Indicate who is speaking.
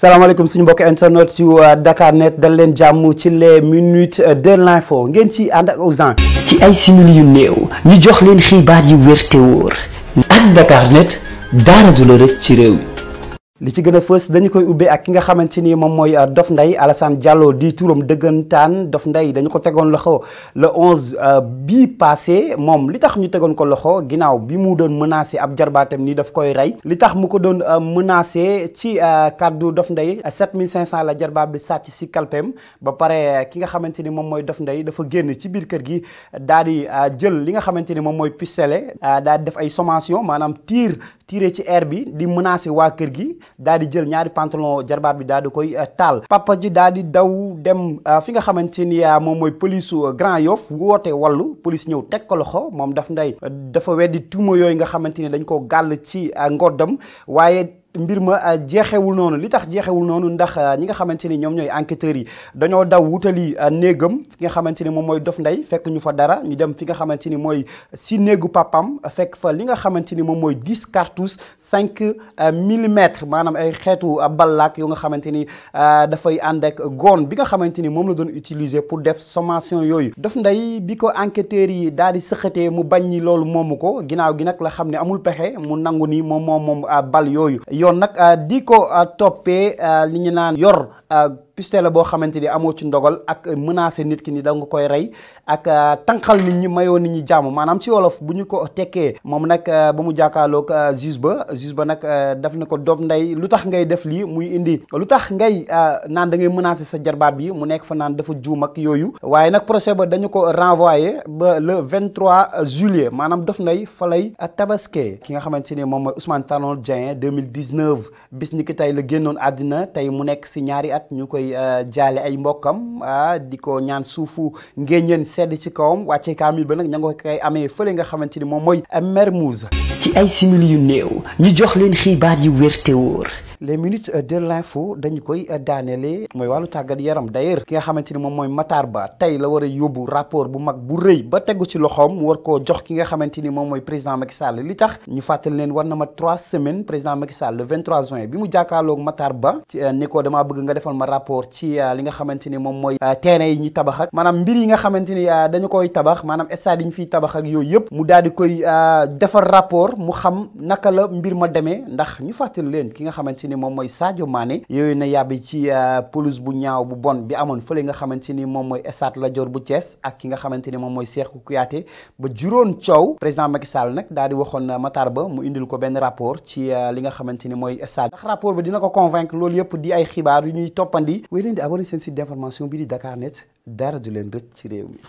Speaker 1: salaamaaleykum suñu mbokk internet yu euh, Dakar net dal leen jàmm ci les minutes euh, de l'info ngeen ci ànd ak Ouzin ci ay simili yu néew ñu jox leen xibaar yu wér te wóor ak Dakar net dara du rëcc ci réew mi li ci gën a fës dañu koy ubbee ak ki nga xamante ni moom mooy euh, Dof Ndeye Alassane Diallo di turam dëggantaan Dof Ndeye dañu ko tegoon loxo le 11 euh, bii passé moom li tax ñu tegoon ko loxo ginnaaw bi mu doon menacé ab jarbaatam nii daf koy rey li tax mu ko doon euh, menacé ci kàddu Dof Ndeye 7500 la jarbaat bi sàcc si kalpeem ba pare ki nga xamante ni moom mooy Dof Ndeye dafa génn ci biir kër gi daal di jël li nga xamante ni moom mooy pistolet daal di def ay sommation maanaam tir tiré ci aire bi di menacé waa kër gi daal di jël ñaari pantalon jarbaat bi daal di koy euh, taal papa ji daal di daw dem euh, fi nga xamante ni euh, moom mooy police Grand Yoff woote wallu police ñëw teg ko loxo moom daf ndey dafa weddi tuuma yooyu nga xamante ni dañ ko gàll ci ngoddam waaye mbir ma euh, jeexewul noonu li tax jeexewul noonu ndax euh, ñi nga xamante ni ñoom ñooy enquêteurs yi dañoo daw wutali euh, néegam fi nga xamante ni moom mooy Dof Ndeye fekk ñu fa dara ñu dem fi nga xamante ni mooy si néegu papam fekk fa li nga xamante ni moom mooy 10 cartouches 5 millimètres maanaam ay xeetu ballaak yu nga xamante ni dafay ànd ak bi nga xamante ni moom la doon utiliser pour def sommation yooyu Dof Ndeye bi ko enquêteurs yi daal di sëqatee mu bañ ñi loolu moomu ko ginnaaw gi nag la xam ne amul pexe mu nangu nii moom moom moom bal yooyu yoon nag ah, di ko ah, toppee ah, li ñu naan yor piste la boo xamante ni amoo ci ndogal ak menacer nit ki ni da nga koy rey ak euh, tànqal nit ñi mayoo nit ñi jàmm maanaam ci wolof bu ñu ko tekkee moom nag euh, ba mu jàkkaarloog euh, juge ba juge ba nag daf ne ko doom ndey lu tax ngay def lii muy indi lu tax ngay naan da ngay menacer sa jarbaat bi mu nekk fa naan dafa juum yooyu waaye nag procès ba ko renvoyé ba le 23 juillet maanaam dof ndey fa lay tabaskee ki nga xamante ni moom mooy Ousmane Tanor Dieng 2019 bis ni ki tey la génnoon àddina tey mu nekk si ñaari at ñu koy koy eh, jaale ay mbokkam ah di ko ñaan suufu ngéeñeen sedd ci kawam wàcce kaamil ba nag ña nga koy amee fële nga xamante ni moom mooy Mermoz. ci ay simili yu néew ñu jox leen xibaar yu wér te les minutes de l'info dañu koy daaneele mooy wàllu tàggat yaram d'ailleurs ki nga xamante ni moom mooy Matar Ba tey la war a yóbbu rapport bu mag bu rëy ba tegu ci loxoom war koo jox ki nga xamante ni moom mooy président Macky Sall li tax ñu fàttali leen war na ma trois semaines président Macky Sall le 23 juin bi mu jàkkaarloog Matar Ba ci euh, ne ko damaa bëgg nga defal ma rapport ci euh, li nga xamante moom mooy euh, terrain yi ñu tabax ak maanaam mbir yi nga xamante ni dañu koy tabax maanaam stade yi ñu fiy yooyu yëpp mu daal koy defar rapport mu xam naka la mbir ma demee ndax ñu ki nga xamante ni moom mooy Sadio Mané yooyu na yàbbi ci euh, pelouse bu ñaaw bu bon bi amoon fële nga xamante ni moom mooy Stade Lat Dior bu cees ak ki nga xamante ni moom mooy Cheikhou Kouyaté ba juróon coow président Macky Sall nag daal di waxoon euh, Matar Ba mu indil ko benn rapport ci euh, li nga xamante ni mooy stade ndax rapport bi dina ko convaincre loolu yëpp di ay xibaar yu ñuy toppandi wéy leen di abonné seen site d'information bi di Dakar Net dara du leen rëcc ci réew mi